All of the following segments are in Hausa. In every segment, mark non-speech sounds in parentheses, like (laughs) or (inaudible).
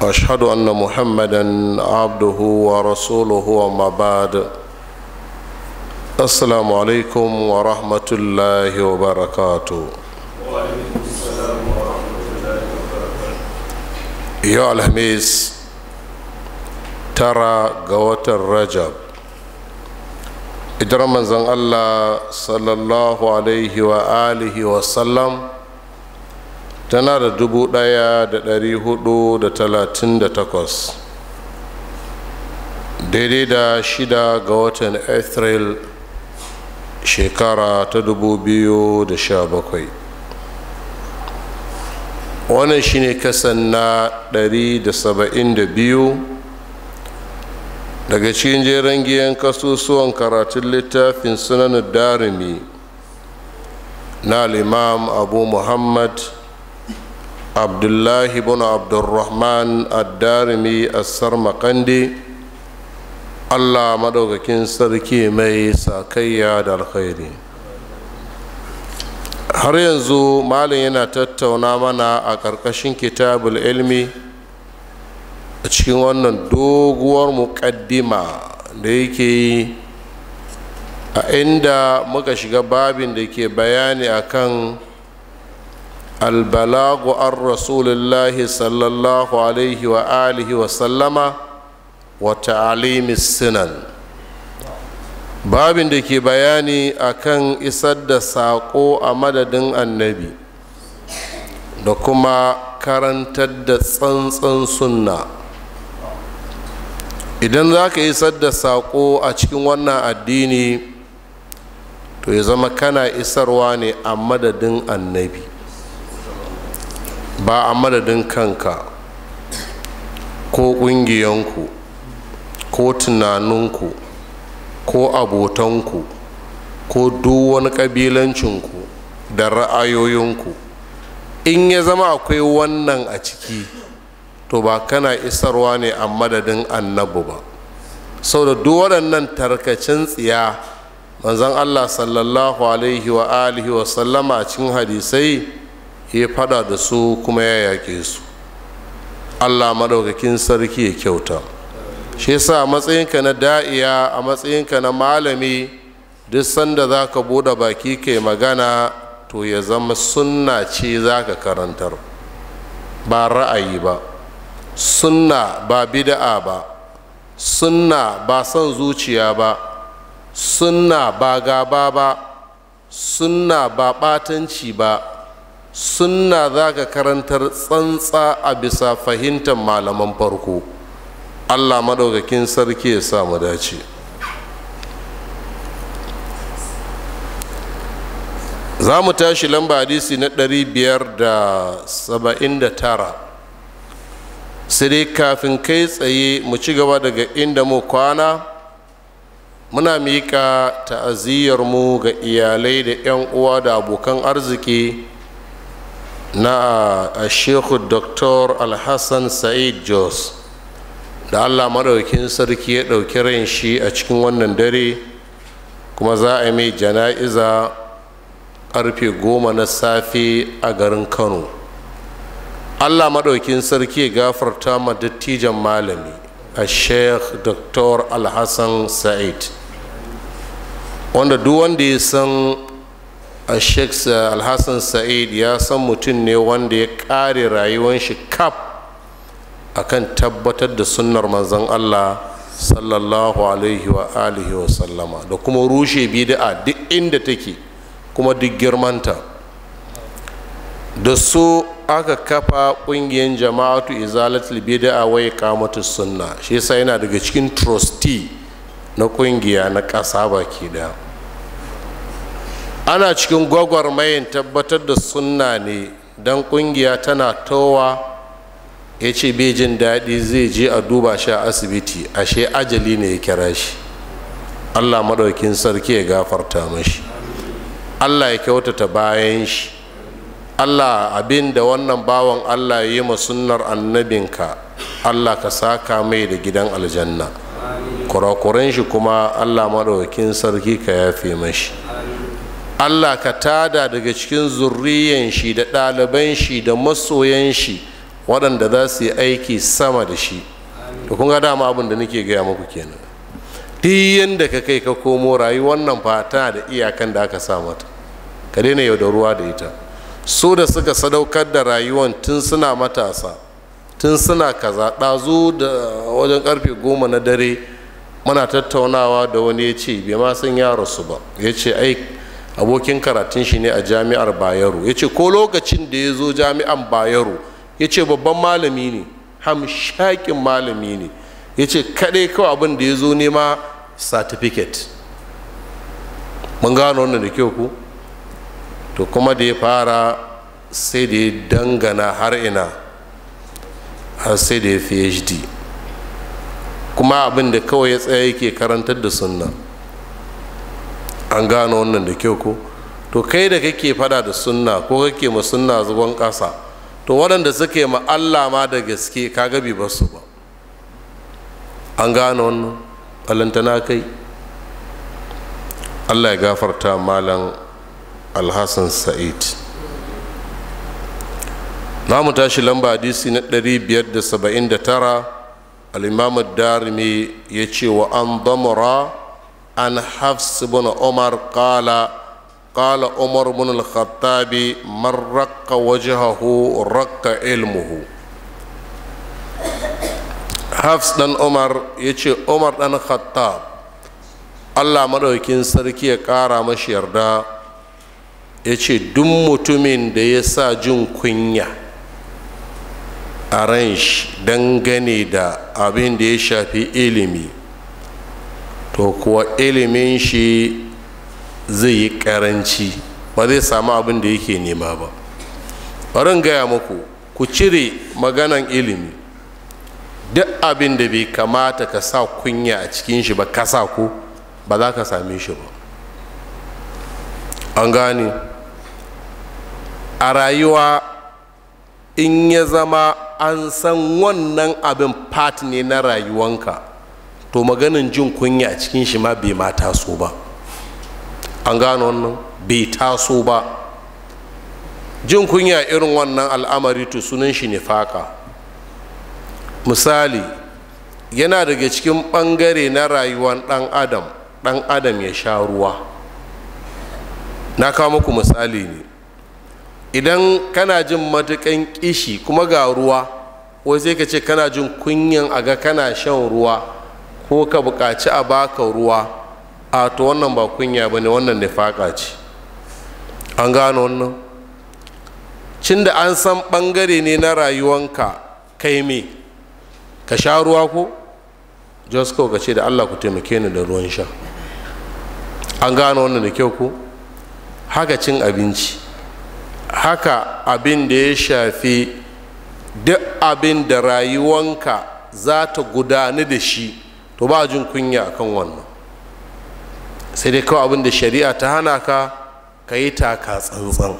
واشهد ان محمدا عبده ورسوله وما بعد السلام عليكم ورحمه الله وبركاته yau alhamis tara ga watan rajab idan manzon allah sallallahu alaihi wa alihi wa sallam tana da dubu ɗaya da ɗari hudu da talatin da takwas daidai da shida ga watan april shekara ta dubu biyu da sha bakwai wannan shine kasan na ɗari da saba'in da biyu daga cikin jeren giyan kasusuwan karatun littafin sunanin darimi na limam abu muhammad عبد الله بن عبد الرحمن الدارمي السرمقندي الله مدوكين سركي مي ساكيا دا خيري har yanzu malin yana tattauna mana a ƙarƙashin kitabul ilmi a cikin wannan doguwar muƙaddima da yake yi a inda muka shiga babin da ke bayani akan albalagu an rasulillahi sallallahu alaihi wa alihi wa sallama wa ta'alimi sinan babin da ke bayani akan isar da saƙo a madadin annabi da kuma karantar da tsantsan sunna idan za ka isar da saƙo a cikin wannan addini to ya zama kana isarwa ne a madadin annabi ba a madadin kanka ko ƙungiyanku ko tunaninku ko abotanku ko duk wani ƙabilancinku da ra'ayoyinku in ya zama akwai wannan a ciki to ba kana isarwa ne a madadin annabu ba sau da duk waɗannan tarkacin tsiya manzon allah sallallahu alaihi wa alihi wa sallama cikin hadisai ya fada da su kuma ya yake su allah maɗaukakin sarki ya kyauta shi yasa a matsayinka na da'iya a matsayinka na malami duk sanda za ka buɗe baki kai magana to ya zama sunna ce za ka karantar ba ra'ayi ba sunna ba bida'a ba sunna ba son zuciya ba sunna ba gaba ba sunna ba ɓatanci ba sunna za ka karantar tsantsa a bisa fahimtar malaman farko allah maɗaukakin sarki ya samu dace za mu tashi lamba hadisi na 579 sai dai kafin kai tsaye mu ci gaba daga inda mu kwana muna miƙa ta'aziyyarmu ga iyalai da 'yan uwa da abokan arziki na shehu dr alhassan sa'id jos da allah maɗaukin sarki ya ɗauki ran shi a cikin wannan dare kuma za a mai jana'iza ƙarfe goma na safe a garin kano allah maɗaukin sarki gafarta ma dattijan malami a sheikh dr alhassan sa'id wanda duk wanda ya san sheikh alhassan sa'id ya san mutum ne wanda ya ƙare rayuwar shi kaf akan tabbatar da sunnar manzon allah sallallahu alaihi wa alihi wa sallama da kuma rushe bid'a duk inda take kuma duk girmanta da su aka kafa kungiyar jama'atu izalatul bid'a wa iqamatu sunna shi yasa yana daga cikin trustee na kungiya na ƙasa baki daya ana cikin gwagwarmayin tabbatar da sunna ne don kungiya tana towa ya ce jin daɗi zai je a duba shi a asibiti ashe ajali ne ya kira shi allah maɗaukin sarki ya gafarta mashi allah ya kyautata bayan shi allah abin da wannan bawan allah ya yi ma sunnar annabinka allah ka saka mai da gidan aljanna kurakuran shi kuma allah maɗaukin sarki ka yafe mashi allah ka tada daga cikin zurriyan shi da ɗaliban shi da masoyan shi waɗanda za su yi aiki sama da shi da kun ga dama abin da nake gaya muku kenan duk yadda ka kai ka komo rayu wannan fa tana da iyakan da aka sa mata ka daina ruwa da ita su da suka sadaukar da rayuwan tun suna matasa tun suna kaza ɗazu da wajen karfe goma na dare muna tattaunawa da wani ya ce bai ma san ya rasu ba ya ce ai abokin karatun shi ne a jami'ar bayero ya ce ko lokacin da ya zo jami'an bayero ya ce babban malami ne hamshakin malami ne ya ce kaɗai kawai abin da ya zo nema certificate mun gano wannan da kyau ku to kuma da ya fara sai da ya dangana har ina har sai da ya phd kuma abin da kawai ya tsaya yake karantar da sunna an gano wannan da kyau ko to kai da kake fada da sunna ko kake ma sunna zuban kasa, to waɗanda suke ma allah ma da gaske ka gabi ba su ba an gano wannan ballantana kai allah ya gafarta malam alhassan sa'id Na mu tashi lamba hadisi na 579 al'imamu darimi ya ce wa an damura an hafs bin umar qala qala umar bin al-khattab man wajhahu raqqa ilmuhu hafs dan umar yace umar dan khattab Allah madaukin sarki ya kara mashi yarda yace duk mutumin da ya sa jin kunya a dangane da abin da ya shafi ilimi to kuwa ilimin shi zai yi karanci ba zai samu abin da yake nema ba barin gaya muku ku cire maganan ilimi duk abin da bai kamata ka sa kunya a cikin shi ba ka sa ko ba za ka same shi ba an gane a rayuwa in ya zama an san wannan abin part ne na rayuwanka to maganin jin kunya a cikin shi ma bai ma taso ba an gano wannan bai taso ba jin kunya irin wannan al'amari to sunan shi ne faka misali yana daga cikin ɓangare na rayuwar ɗan adam ɗan adam ya sha ruwa na kawo muku misali ne idan kana jin matukan kishi kuma ga ruwa wai sai ka ce kana jin kunyan aga kana shan ruwa ko ka buƙaci a baka ruwa a to wannan ba kunya ba ne wannan faƙa ce an gano wannan cin da an san ɓangare ne na rayuwanka kai me ka sha ruwa ko josko ka ce da allah ku taimake ni da ruwan sha an gano wannan da kyau ko haka cin abinci haka abin da ya shafi duk abin da rayuwanka za ta gudanu da shi to ba jin kunya akan wannan sai dai kawai abin shari'a ta hana ka ka yi taka tsantsan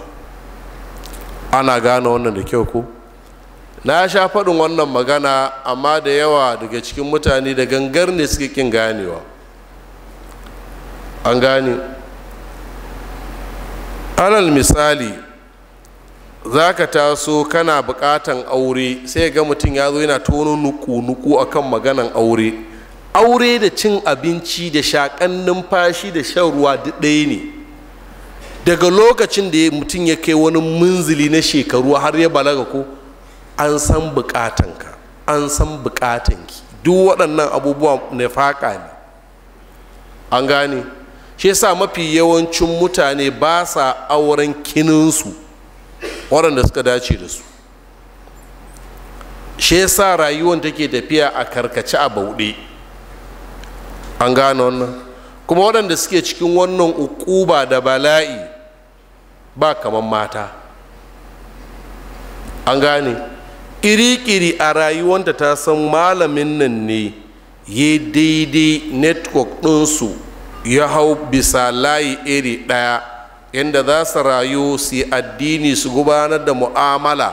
ana gane wannan da kyau ko na sha faɗin wannan magana amma da yawa daga cikin mutane da gangar ne suke kin ganewa an gane alal misali za ka taso kana bukatan aure sai ga mutum ya zo yana tono nuku-nuku akan maganan aure aure da cin abinci da shaƙan numfashi da shan ruwa duk ɗaya ne daga lokacin da mutum ya kai wani munzili na shekaru har ya balaga ko an san buƙatanka an san duk waɗannan abubuwa faƙa ne an gane shi yasa mafi yawancin mutane ba sa auren kininsu waɗanda suka dace da su shi yasa rayuwan take tafiya a karkace a bauɗe an gane wannan kuma waɗanda suke cikin wannan ukuba da bala'i ba kamar mata an gane kiri-kiri a rayuwanta ta san malamin nan ne ya daidai network ɗinsu ya hau bisa layi iri ɗaya yadda za su rayu su yi addini su gubanar da mu'amala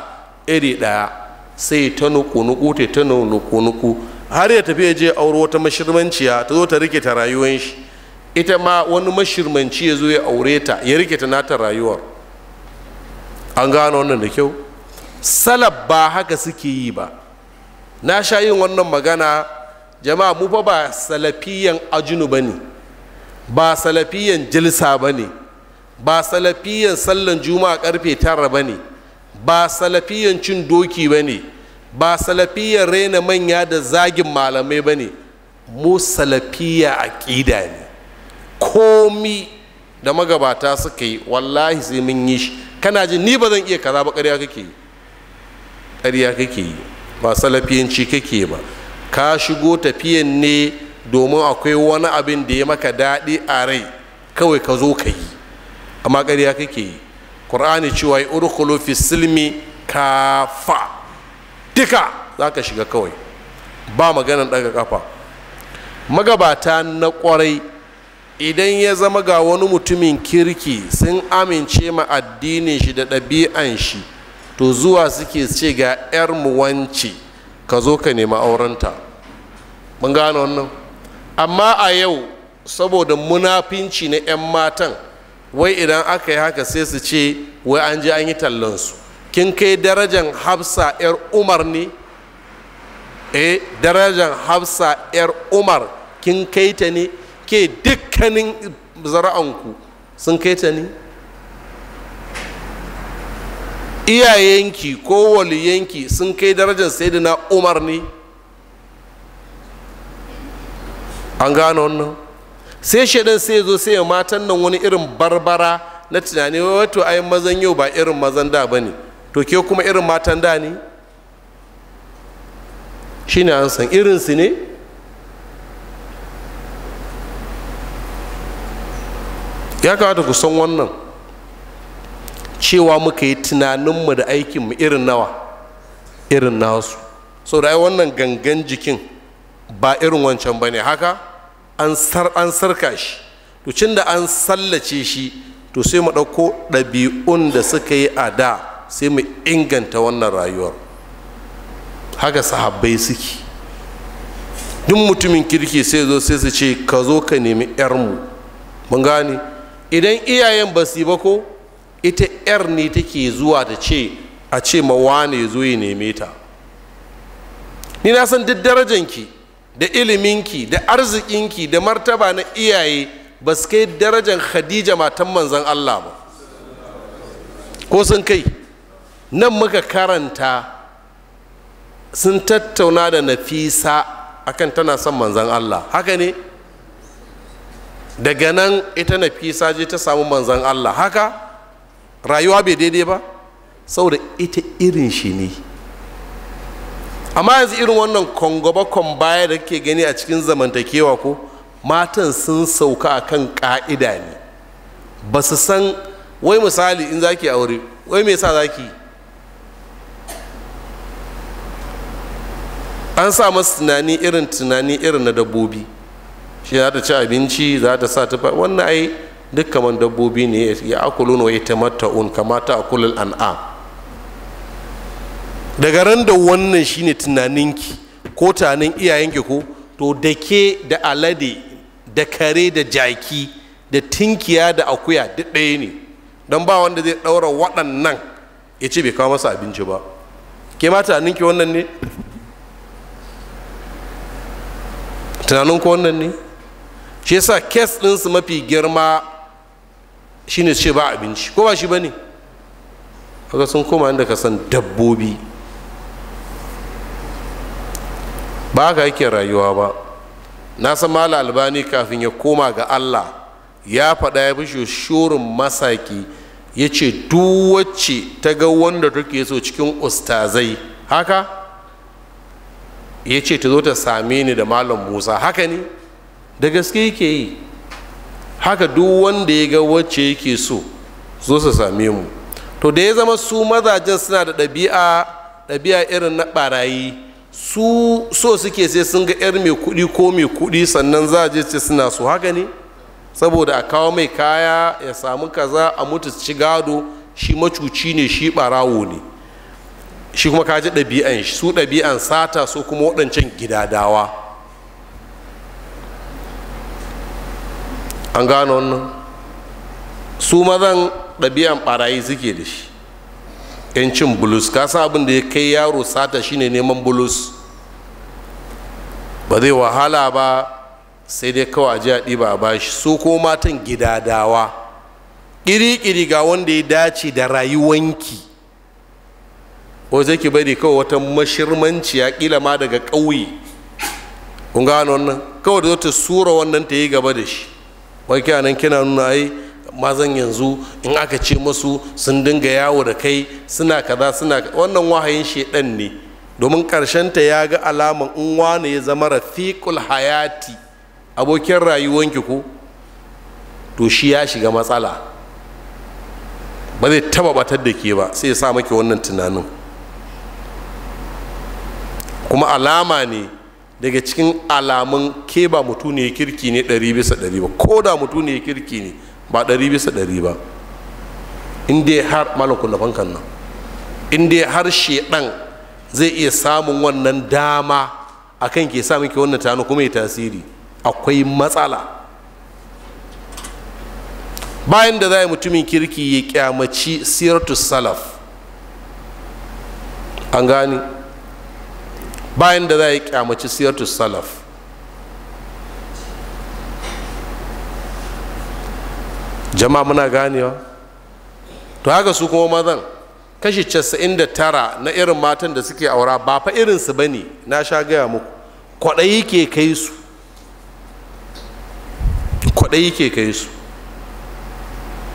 iri ɗaya sai ta nuku-nuku ta nuku-nuku har ya tafi ya je auro wata mashirmanciya ta zo ta rike ta rayuwar shi ita ma wani mashirmanci ya zo ya aure ta ya rike ta nata rayuwar an gano wannan da kyau salab ba haka suke yi ba na sha yin wannan magana jama'a mu fa ba salafiyan ajinu ba ne ba salafiyan jilsa ba ne ba salafiyan sallan juma'a karfe tara ba ne ba salafiyan cin doki ba ne ba salafiyar raina manya da zagin malamai ba ne mu salafiya aƙida ne komi da magabata suka yi wallahi sai mun yi shi kana ji ni ba zan iya kaza ba ƙarya kake yi ƙarya kake yi ba salafiyanci kake ba ka shigo tafiyan ne domin akwai wani abin da ya maka daɗi a rai kawai ka zo ka yi amma ƙarya kake yi ƙur'ani cewa ya urkulu fi silmi kafa duka za ka shiga kawai ba maganin daga kafa magabata na kwarai idan ya zama ga wani mutumin kirki sun amince ma addinin shi da ɗabi'an shi to zuwa suke ce ga 'yar muwanci ka zo ka nemi aurenta mun gane wannan amma a yau saboda munafinci na 'yan matan wai idan aka yi haka sai su ce wai an je an yi tallansu kin kai darajan hafsa 'yar umar ne e darajan hafsa 'yar umar kin kai ta ne ke dukkanin zara'anku sun kai ta ne iyayenki ko waliyanki sun kai darajar saidina umar ne an gano wannan sai shaidan sai zo sai matan nan wani irin barbara na tunani wato ai mazan yau ba irin mazan da ba ne to ke kuma irin matan da ne shi ne an san irinsu ne ya kamata ku san wannan cewa muka yi tunaninmu da aikinmu irin nawa irin nasu so da wannan gangan jikin ba irin wancan ba ne haka an sarka shi to da an sallace shi to sai mu ɗauko ɗabi'un da suka yi a da sai mu inganta wannan rayuwar haka sahabbai suke duk mutumin kirki sai zo sai su ce ka zo ka nemi yarmu mun gane idan iyayen ba su ba ko ita yar ne take zuwa ta ce a ce ma wane zo ya neme ta ni na san duk darajanki da iliminki da arzikinki da martaba na iyaye ba su kai darajan khadija matan manzan allah ba ko sun kai nan muka karanta sun tattauna da nafisa akan tana son manzan allah haka ne daga nan ita nafisa je ta samu manzan allah haka rayuwa bai daidai ba saboda ita irin shi ne amma yanzu irin wannan kwangwabakon baya da ke gani a cikin zamantakewa ko matan sun sauka a kan ƙa'ida ne ba su san wai misali in zaki aure wai me sa zaki yi an sa masu tunani irin tunani irin na dabbobi shi za ta ci abinci za ta sa tufa wannan ai duk kamar dabbobi ne ya akulun wa mata'un kamata a akulul an'a daga ran da wannan shine tunaninki ko tunanin iyayenki ko to da ke da alade da kare da jaki da tinkiya da akuya duk ɗaya ne don ba wanda zai ɗaura waɗannan ya ce bai kawo masa abinci ba ke ma tunaninki wannan ne tunanin ko wannan ne shi yasa kes ɗinsu mafi girma shine ce ba abinci ko ba shi ba ne haka sun koma inda ka san dabbobi ba ka yake rayuwa ba na san mala albani kafin ya koma ga allah ya faɗa ya bishe shorin masaki ya ce duwace ta ga wanda take so cikin ustazai haka ya ce ta zo ta same ni da malam musa haka ne da gaske yake yi haka duk wanda ya ga wacce yake so zo su same mu to da ya zama su mazajen suna da ɗabi'a ɗabi'a irin na ɓarayi su so suke sai sun ga 'yar mai kuɗi ko mai kuɗi sannan za a je ce suna su haka ne saboda a kawo mai kaya ya samu kaza a mutu ci gado shi macuci ne shi ɓarawo ne shi kuma kaji ɗabi'an shi su ɗabi'an sata su kuma waɗancan gidadawa an gano wannan su mazan ɗabi'an ɓarayi suke da shi yancin bulus ka san abin da ya kai yaro sata shine neman bulus ba zai wahala ba sai dai kawai ji a ɗiba ba shi su ko matan gidadawa ƙiri-ƙiri ga wanda ya dace da rayuwanki ko zai ki bari kawai wata mashirmanci ya kila ma daga ƙauye kun gano wannan kawai da zata sura wannan ta yi gaba da shi wai nan kina nuna ai mazan yanzu in aka ce masu sun dinga yawo da kai suna kaza suna wannan wahayin shedan ne domin ta ya ga alaman in wani ya zama rafiqul hayati abokin rayuwanki ko to shi ya shiga matsala ba zai taba batar da ke ba sai ya sa maki wannan tunanin kuma alama ne daga cikin alamun ke ba mutu ne kirki ne ɗari bisa ɗari ba ko da mutu ne kirki ne ba ɗari bisa ɗari ba inda har malam da fankan nan inda har shedan zai iya samun wannan dama a kan ke samun ke wannan tano kuma ya tasiri akwai matsala bayan da za mutumin kirki ya kyamaci sirtus salaf an gani bayan da za a yi kyamaci siyartu salaf jama muna ganewa to haka su kuma mazan kashi 99 na irin matan da suke aura ba fa irinsu ba ne na sha gaya muku kwaɗayi ke kai su kwaɗayi ke kai su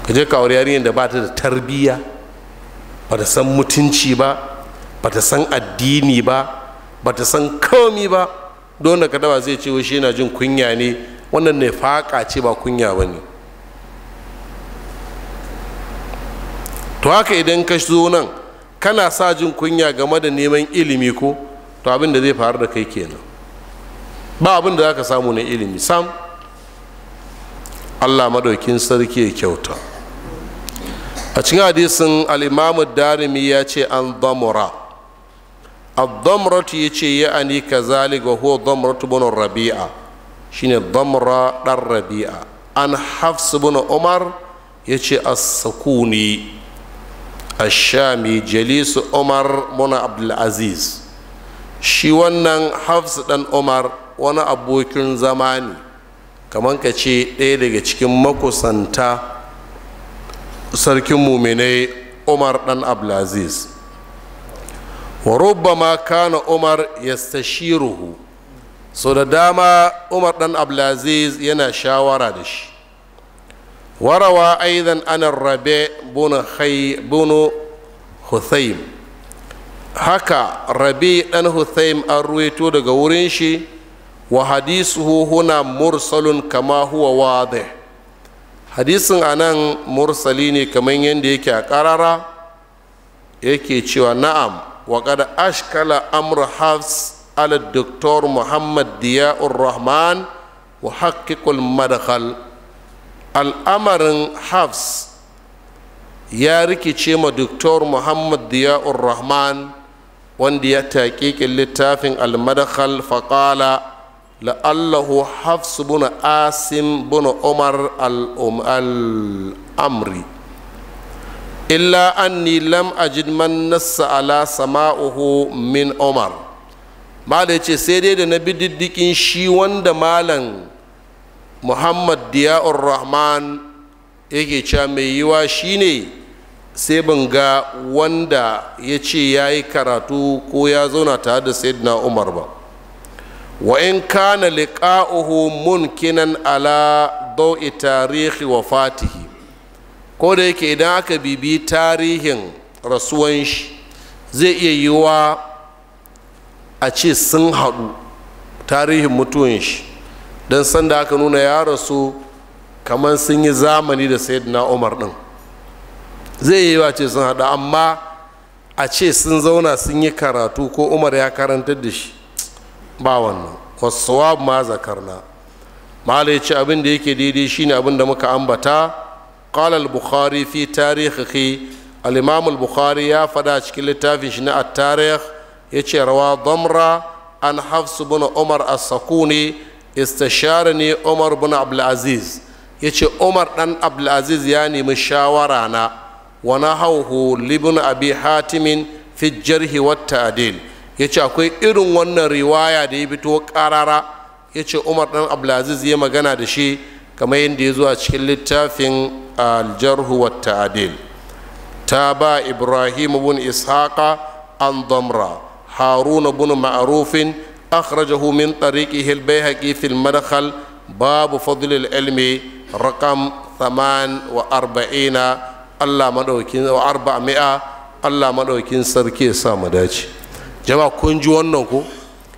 ka je ka aure yarinyar da ba ta da tarbiyya ba ta san mutunci ba ba ta san addini ba ba ta san komi ba don ka daba zai ce shi yana jin kunya ne wannan ne faƙa ce ba kunya ba ne to haka idan ka zo nan kana sa jin kunya game da neman ilimi ko to abin da zai faru da kai kenan ba abin da za ka samu na ilimi sam allah madaukin sarki ya kyauta a cikin hadisin al'imamu darimi ya ce an damura ad yace ya ani kazalik wa huwa damratu bin rabi'a shine damra dan rabi'a an Hafsu bin umar yace as-sakuni ash-shami umar bin abdul shi wannan Hafsu dan umar wani abokin zama ne kamar ka ce ɗaya daga cikin makusanta sarkin muminai umar dan abdulaziz wa ma kana umar yastashiruhu so da dama umar dan abdulaziz yana shawara da shi warawa aizan ana rabe bunu huthaim haka rabe dan huthaim an ruwaito daga wurin shi wa hadisu huhuna mursalun kama huwa wadih a anan mursali ne kamar yadda yake a karara yake cewa na'am وقد أشكل أمر حفص على الدكتور محمد ضياء الرحمن محقق المدخل الأمر حفص ya rikice ma doktor muhammad diya'ur rahman wanda ya taƙiƙin littafin almadakhal faƙala la'allahu hafsu buna asim buna umar al'amri illa anni lam ajid man nassa ala sama'uhu min umar malai ce sai dai da na bi diddikin shi wanda malam muhammad diya'ur rahman yake cewa mai yiwa shine sai ban ga wanda ya ce ya yi karatu ko ya zauna tare da sayyidina umar ba wa in kana liqa'uhu munkinan ala dau'i tarihi wa fatihi ko da yake idan aka bibi tarihin rasuwan shi zai iya yiwa a ce sun haɗu tarihin mutuwan shi don sanda aka nuna ya rasu kamar sun yi zamani da sayyidina umar ɗin zai yiwa ce sun haɗu amma a ce sun zauna sun yi karatu ko umar ya karanta da shi ba wannan wasu ma zakarna mahalaici abin da yake daidai shine abin da muka ambata qala al-bukhari fi tarihihi al-imam bukhari ya fada cikin littafin shi na at-tarikh yace rawa damra an hafs bin umar as-sakuni ne umar bin abdul aziz yace umar dan abdul ya nemi shawara na wa nahawhu libn abi hatim fi jarhi wa ta'dil yace akwai irin wannan riwaya da ya fito karara yace umar dan abdul aziz ya magana da shi kamar yadda ya zo a cikin littafin aljarhu wa ta'adil ta ba ibrahim bin ishaqa an damra haruna bin marufin akhrajahu min tariqi al-bayhaqi fil madkhal babu fadl al-ilmi raqam 48 Allah madaukin wa arba'a Allah madaukin sarki ya sa mu dace jama'a kun ji wannan ko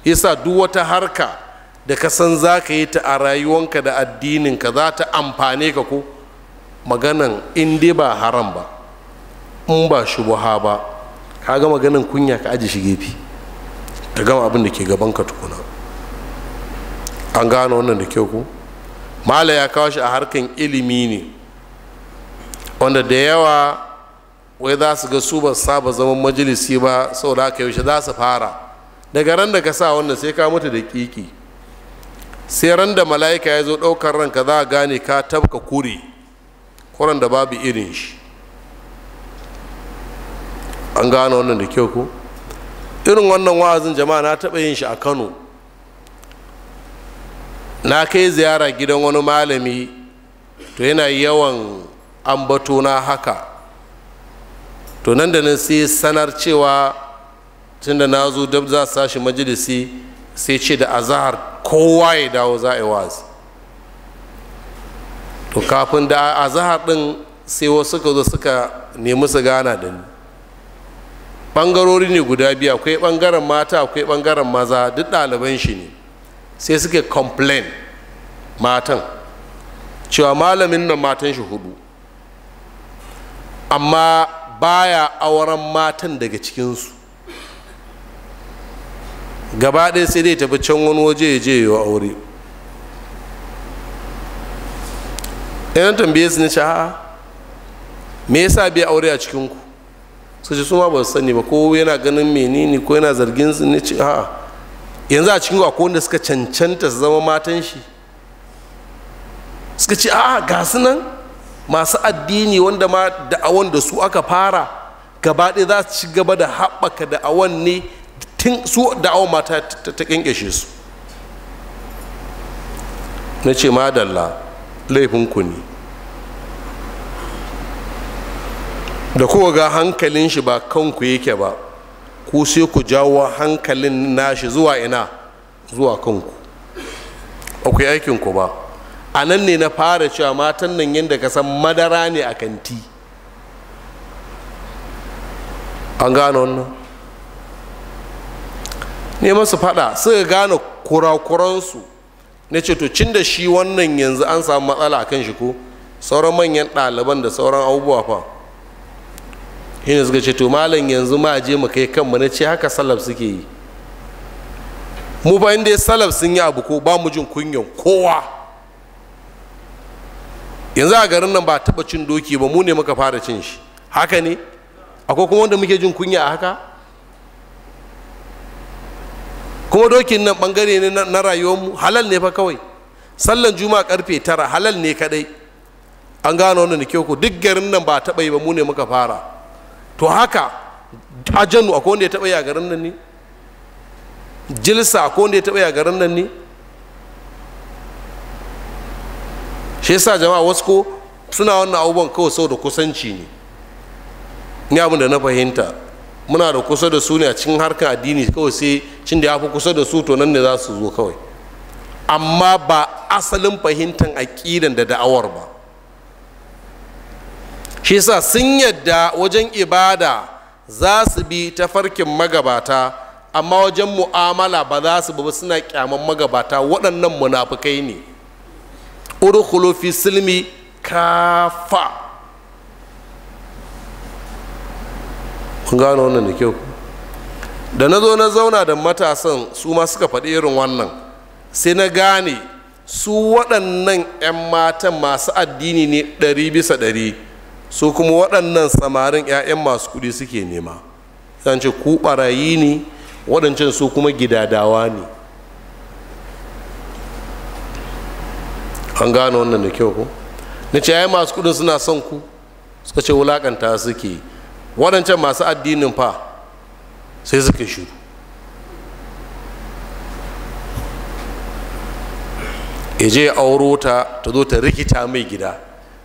yasa duk wata harka da ka san za ka yi ta a rayuwanka da addininka za ta amfane ka ko maganan in ba haram ba in ba shubuha ba ka ga maganan kunya ka aji shi gefe ta gama abin da ke gaban ka tukuna an gano wannan da kyau ko mala ya kawo shi a harkan ilimi ne wanda da yawa wai za su ga su ba saba zaman majalisi ba saboda haka yaushe za su fara daga ran da ka sa wannan sai ka mutu da kiki sai ran da mala'ika ya zo ɗaukar ranka za a gane ka tabka kuri kuran da babu irin shi an gane wannan da kyau ko irin wannan wa'azin jama'a na taɓa yin shi a kano na kai ziyara gidan wani malami to yana yawan ambato na haka to nan da nan sai sanar cewa tun da na zo dab za su sashi majalisi sai ce da azahar kowa ya dawo za a yi to kafin da azahar din sai wasu suka zo suka nemi su gana da ni ɓangarori ne guda biyu akwai ɓangaren mata akwai ɓangaren maza duk ɗaliban shi ne sai suke complain matan cewa malamin nan matan shi hudu amma baya auren matan daga cikinsu gaba ɗaya sai dai tafi can wani waje ya je yawa aure yan tambaye su na ce ha me yasa bai aure a cikin su ce su ma ba su sani ba ko yana ganin menene ko yana zargin su ne ce ha yanzu a cikin akwai wanda suka cancanta su zama matan shi suka ce a ga su nan masu addini wanda ma da'awan da su aka fara gaba ɗaya za su ci gaba da haɓaka da'awan ne tun su da'awar mata ta kyankyashe su na ce madalla laifinku ne da kowa ga hankalin shi ba kanku yake ba ku sai ku jawo hankalin nashi zuwa ina zuwa kanku akwai aikinku ba a nan ne na fara cewa matan nan yadda ka san madara ne a kanti an gano wannan neman su faɗa suka gane kurakuransu na ce to cin da shi wannan yanzu an samu matsala a kan shi ko sauran manyan ɗaliban da sauran abubuwa fa shi ne suka ce to malam yanzu ma je mu kai kanmu na ce haka salaf suke yi mu fa inda salaf sun yi abu ko ba mu jin kunyan kowa yanzu a garin nan ba taɓa cin doki ba mu ne muka fara cin shi haka ne akwai kuma wanda muke jin kunya a haka ko dokin nan bangare ne na rayuwarmu halal ne fa kawai sallan juma karfe tara halal ne kadai an gano wannan kyau ku duk garin nan ba taɓa yi ba mu ne muka fara to haka ajanu akwai wanda ya taɓa yi a garin nan ne jilsa akwai wanda ya taɓa yi a garin nan ne shi yasa jama'a wasu ko suna wannan abubuwan kawai sau da kusanci ne ni abin da na fahimta muna da kusa da su ne a cikin harkar addini kawai sai cin da ya fi kusa da su to nan ne za su zo kawai amma ba asalin fahimtar aƙidan da da'awar ba shi sa sun yadda wajen ibada za su bi ta farkin magabata amma wajen mu'amala ba za su ba suna kyaman magabata waɗannan munafukai ne urkhulu fi silmi kafa kun gano wannan da kyau da na zo na zauna da matasan su ma suka faɗi irin wannan sai na gane su waɗannan 'yan matan masu addini ne ɗari bisa ɗari su kuma waɗannan samarin 'ya'yan masu kuɗi suke nema zan ce ku ɓarayi ne waɗancan su kuma gidadawa ne an gano wannan da kyau ku na ce 'ya'yan masu kuɗin suna son ku suka ce wulaƙanta suke waɗancan masu addinin fa sai suka shiru ya je auro ta ta zo ta rikita mai gida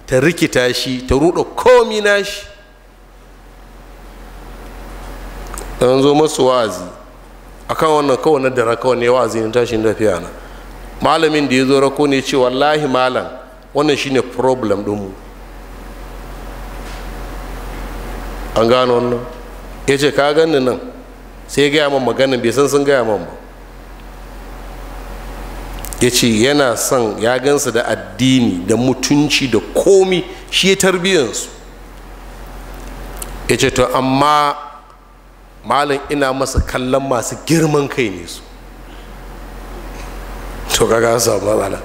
ta rikita shi ta ruɗa komi shi don zo masu wa'azi kan wannan kawai na dara kawai ne wa'azi ne da fiya na malamin da ya zo rako ne ce wallahi malam wannan shine problem ɗinmu an gano wannan ya ce ka gani nan sai ya gaya man maganin bai san sun gaya man ba ya ce yana son ya gansu da addini da mutunci da komi shi ya tarbiyyansu ya ce to amma malin ina masa kallon masu girman kai ne su to kaga samu matsala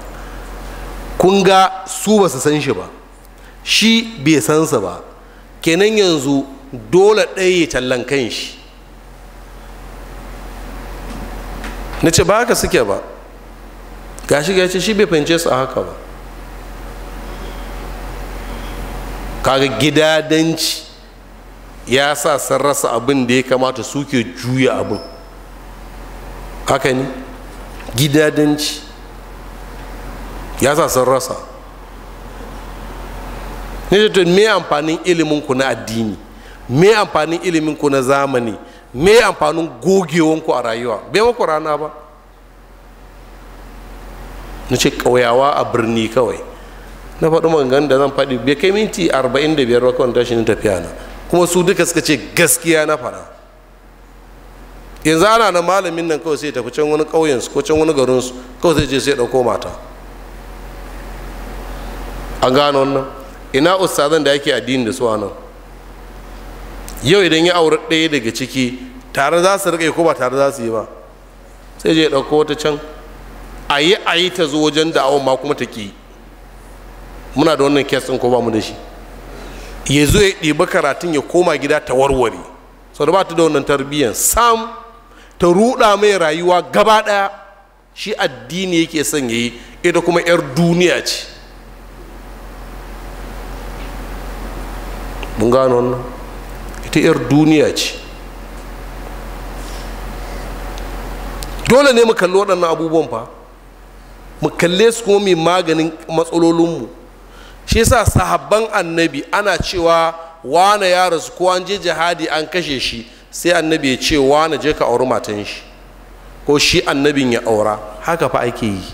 kun ga su ba su san shi ba shi bai san sa ba kenan yanzu dole ɗaya ya tallan kan shi na ce ba haka suke ba gashi gashi shi bai fahimce su a haka ba kaga gidadanci ya sa sun rasa abin da ya kamata suke juya abin haka ne gidadanci ya sa sun rasa ne me amfanin ilimin ku na addini me amfanin ilimin ku na zamani me amfanin gogewon ku a rayuwa bai muku rana ba na ce ƙauyawa a birni kawai na faɗi maganganun da zan faɗi bai kai minti 45 ba tashi na tafiya na kuma su duka suka ce gaskiya na faɗa yanzu ana na malamin nan kawai sai tafi can wani ƙauyensu ko can wani garinsu kawai sai je sai ɗauko mata an gano wannan ina ustazan da yake addini da su a nan yau idan ya aure ɗaya daga ciki tare za su riƙe ko ba tare za su yi ba sai je ɗauko wata can a yi a yi ta zo wajen da'awar ma kuma ta ƙi muna da wannan kes ɗin ko ba mu da shi ya zo ya ɗiba karatun ya koma gida ta warware sau da ba ta da wannan tarbiyyar sam ta ruɗa mai rayuwa gaba ɗaya shi addini yake son ya yi ita kuma 'yar duniya ce mun gano wannan Ta 'yar duniya ce dole ne mu kalli waɗannan abubuwan fa mu kalle su kuma mai maganin matsalolinmu shi yasa sahabban annabi ana cewa wane ya rasu ko an je jihadi an kashe shi sai annabi ya ce wane je ka auri matan shi ko shi annabin ya aura haka fa ake yi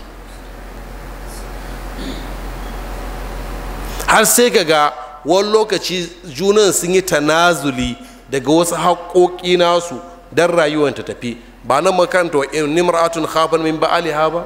har sai ka ga wani lokaci junan sun yi tanazuli daga wasu haƙoƙi nasu don rayuwar ta tafi ba na makanta wa in nimra'atun khafan min ba'aliha ba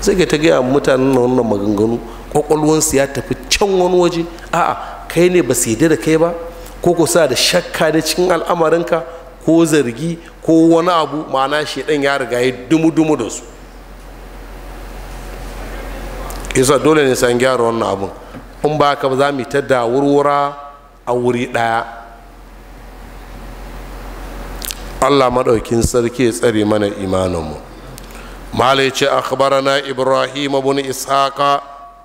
sai ka ta gaya mutanen na wannan maganganu kwakwalwansu ya tafi can wani waje a'a kai ne ba su yi da kai ba ko ku sa da shakka da cikin al'amarinka ko zargi ko wani abu ma'ana ɗan ya riga ya dumu-dumu da su isa dole ne san gyara wannan abun in ba ka za mu ta da wurwura a wuri ɗaya allah maɗaukin sarki ya tsare mana imaninmu malai ce akhbarana ibrahim ibn ishaqa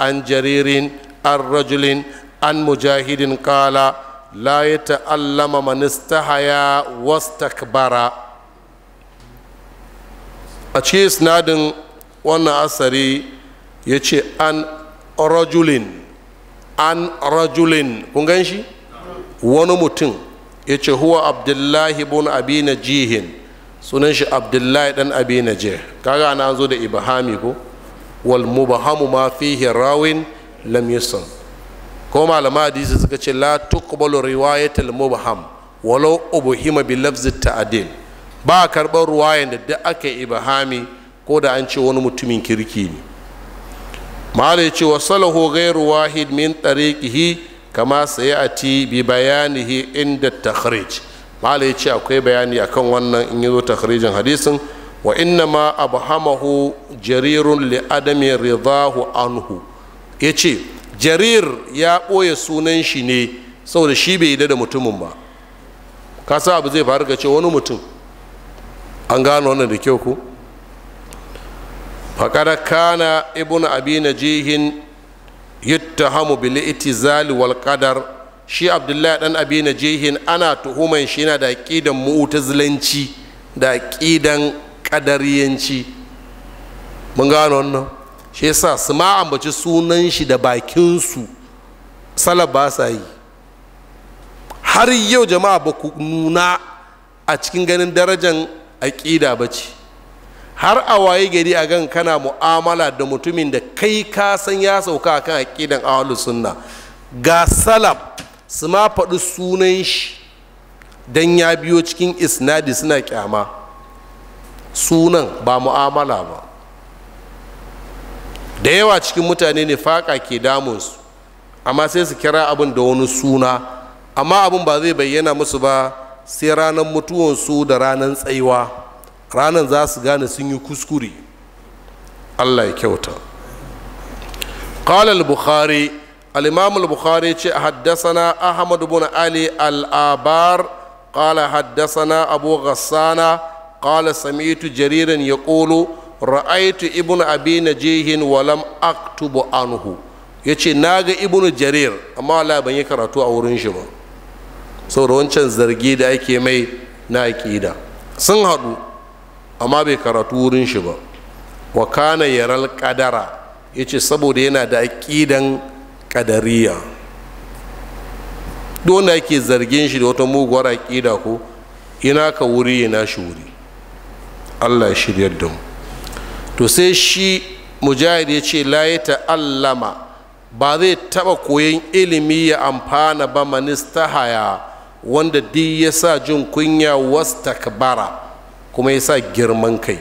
an jaririn an rajulin an mujahidin kala la ya ta'allama man istahaya wastakbara a cikin sinadin wannan asari ya ce an rajulin an rajulin kun gan shi wani mutum ya ce huwa abdullahi bin abi jihin sunan shi abdullahi dan abi najih kaga na zo da ibahami ko wal mubahamu ma fihi rawin lam yusan ko malama hadisi suka ce la tuqbalu riwayatul mubham walau ubhima bi lafzi ta'dil ba karɓar ruwayan da duk aka ibahami ko da an ce wani mutumin kirki ne mala ce wa salahu ghairu wahid min tariqihi kama sayati bi bayanihi inda takhrij mala ce akwai bayani akan wannan in yazo takhrijin hadisin wa inna ma abhamahu jarirun li adami ridahu anhu yace jarir ya boye sunan shi ne saboda shi bai yi da mutumin ba ka abu zai faru ga ce wani mutum an gano wannan da kyau ko faƙar kana ibn abi najihin yuttahamu bil itizal wal qadar shi abdullahi dan abi najihin ana tuhuman shi yana da aqidan mu'tazilanci da aqidan qadariyanci mun gano wannan shi yasa su ma ambaci sunan shi da bakin su salab yi har yau jama'a ba ku nuna a cikin ganin darajan aƙida ba ce har a waye gari a gan kana mu'amala da mutumin da kai ka san ya sauka kan aqidan ahlus sunna ga salaf su ma faɗi sunan shi dan ya biyo cikin isnadi suna kyama sunan ba mu'amala ba da yawa cikin mutane ne faƙa ke damunsu amma sai su kira abin da wani suna amma abin ba zai bayyana musu ba sai ranar mutuwansu da ranar tsayuwa ranar za su gane sun yi kuskure allah ya kyauta qalal bukhari al-imam al-bukhari ce haddasana ahmad ibn ali al-abar qala haddasana abu ghassana qala sami'tu jariran yaqulu ra'aytu ibnu abi najihin wa lam aktubu anhu yace naga ibnu jarir amma wala ban yi karatu a wurin shi ba saboda wancan zargi da ake mai na aqida sun haɗu amma bai karatu wurin shi ba wa kana yaral kadara ya ce saboda yana da aƙidan kadariya wanda ake zargin shi da wata muguwar aƙida ko ina ka wuri ina shi wuri allah ya shirya da mu to sai shi mujahid ya ce la allama ba zai taɓa koyon ilimi ya amfana ba haya wanda duk ya sa jin kunya wasu takbara kuma ya sa girman kai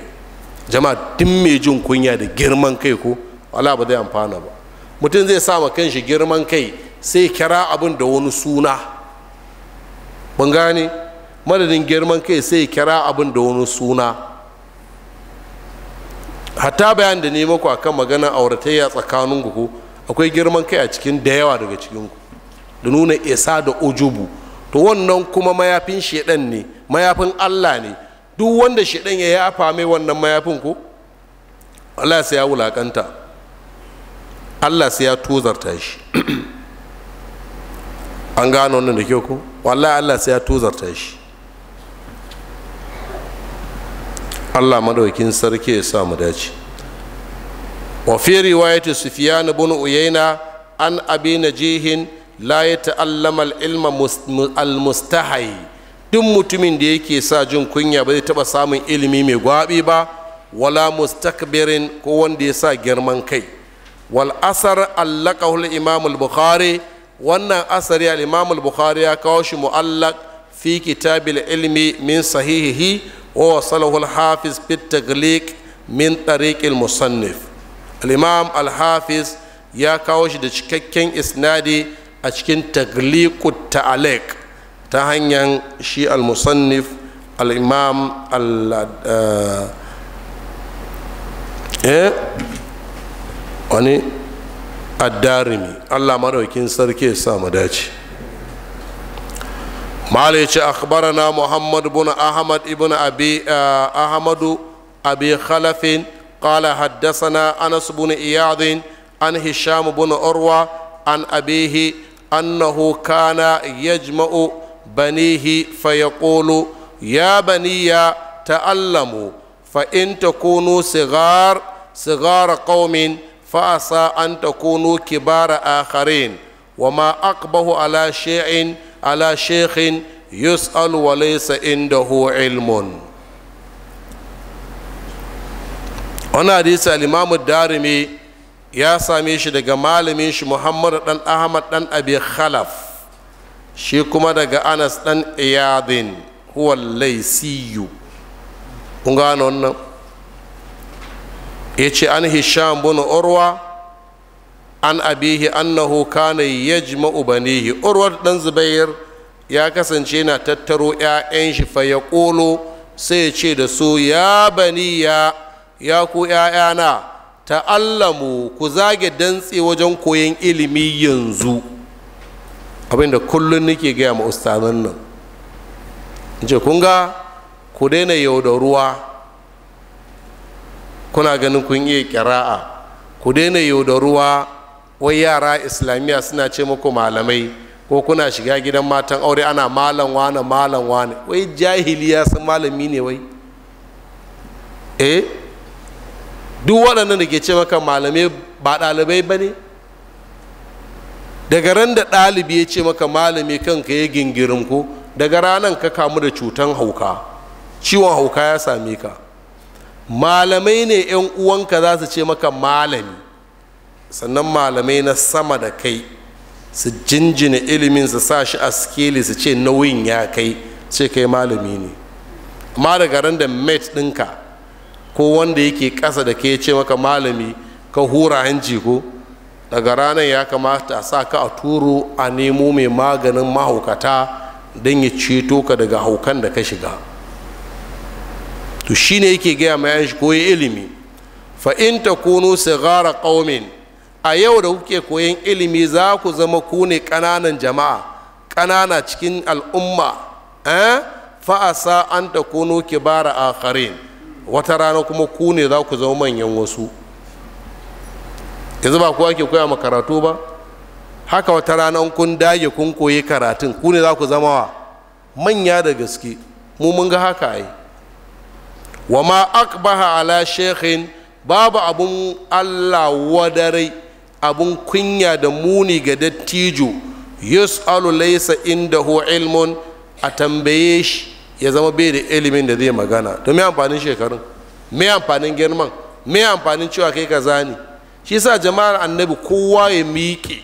jama'a duk mai jin kunya da girman kai ko wala ba zai amfana ba mutum zai sa kan shi girman kai sai kira abin da wani suna ban gane madadin girman kai sai kira abin da wani suna hatta bayan da ne maku akan magana auratayya tsakanin ku akwai girman kai a cikin da yawa daga cikin ku da nuna isa da ujubu to wannan kuma mayafin shedan ne mayafin allah ne duk wanda shi ɗan ya yafa mai wannan mayafin ko allah sai ya wulakanta allah sai ya tozarta shi an gano wannan da kyau ko wallahi allah sai ya tozarta shi allah madaukin sarki ya sa mu dace wa fi riwayati sufyan ibn uyayna an abi najihin la ta'allama al-ilma al-mustahi duk mutumin da yake sa jin kunya ba zai taɓa samun ilimi mai gwabi ba wala mustakbirin ko wanda ya sa girman kai wal asar allaqahu imam al-bukhari wannan asari al-imam al-bukhari ya kawo shi mu'allaq fi kitabil ilmi min sahihihi wa wasalahu al-hafiz fi tagliq min tariq al-musannif al-imam al-hafiz ya kawo shi da cikakken isnadi a cikin ta ta'aliq ta hanyar shi al-musannif al-imam al-darimi eh, eh, allah sarki ya samu dace malai ce akbarana muhammad ibn ahmad ibn abi eh, ahmadu abi khalafin qala haddasana anas ibn iyadin an hisham ibn urwa an abihi annahu kana yajma'u banihi fa yaqulu ya baniya ta'allamu fa in takunu sigar sigar qaumin fa asa an takunu kibara akharin wa ma aqbahu ala shay'in ala shaykhin yus'al wa laysa indahu hadisi al-imamu ya same shi daga malamin shi muhammadu ɗan ahmad ɗan abi khalaf shi kuma daga anas dan iyadin huwa laisiyu kun gano wannan ya ce an hisham bin urwa an abihi annahu kana yajma banihi urwa dan zubair ya kasance na tattaro ƴaƴan shi fa ya ƙolo sai ya ce da su ya baniya ya ku 'ya'yana ta'allamu ku zage dantse wajen koyon ilimi yanzu abinda kullum nake gaya ma ustazan nan ce kun ga ku daina yaudaruwa kuna ganin kun iya kira'a ku daina yaudaruwa wai yara islamiyya suna ce muku malamai ko kuna shiga gidan matan aure ana malam wane malam wane wai jahiliya sun malami ne wai eh duk waɗannan da ke ce maka malamai ba ɗalibai ba ne daga ran da ɗalibi ya ce maka malami kanka ya gingirin ko daga ranar ka kamu da cutan hauka ciwon hauka ya same ka malamai ne 'yan uwanka za su ce maka malami sannan malamai na sama da kai su jinjina ilimin su sa shi a skeli su ce nauyin ya kai ce kai malami ne amma daga ran da met ɗinka ko wanda yake ƙasa da ke ce maka malami ka hura hanci ko daga ranar ya kamata a sa ka a turo a nemo mai maganin mahaukata don ya ceto ka daga haukan da ka shiga to shi ne yake gaya ma yan koyi ilimi fa in takunu sigara ƙaumin a yau da kuke koyan ilimi za ku zama ku ne ƙananan jama'a ƙanana cikin al'umma eh? fa'asa an ta takunu kibara a wata rana kuma ku ne za ku zama manyan wasu yanzu ba kowa ke koya makaratu karatu ba haka wata ranar kun dage kun koyi karatun ku ne za ku zama wa manya da gaske mu mun ga haka ai wa ma akbaha ala shekhin babu abun allah wadarai abun kunya da muni ga dattijo yus'alu laysa indahu ilmun a tambaye shi ya zama bai da ilimin da zai magana to me amfanin shekarun me amfanin girman me amfanin cewa kai kaza ne shi yasa jama'ar annabi kowa ya miƙe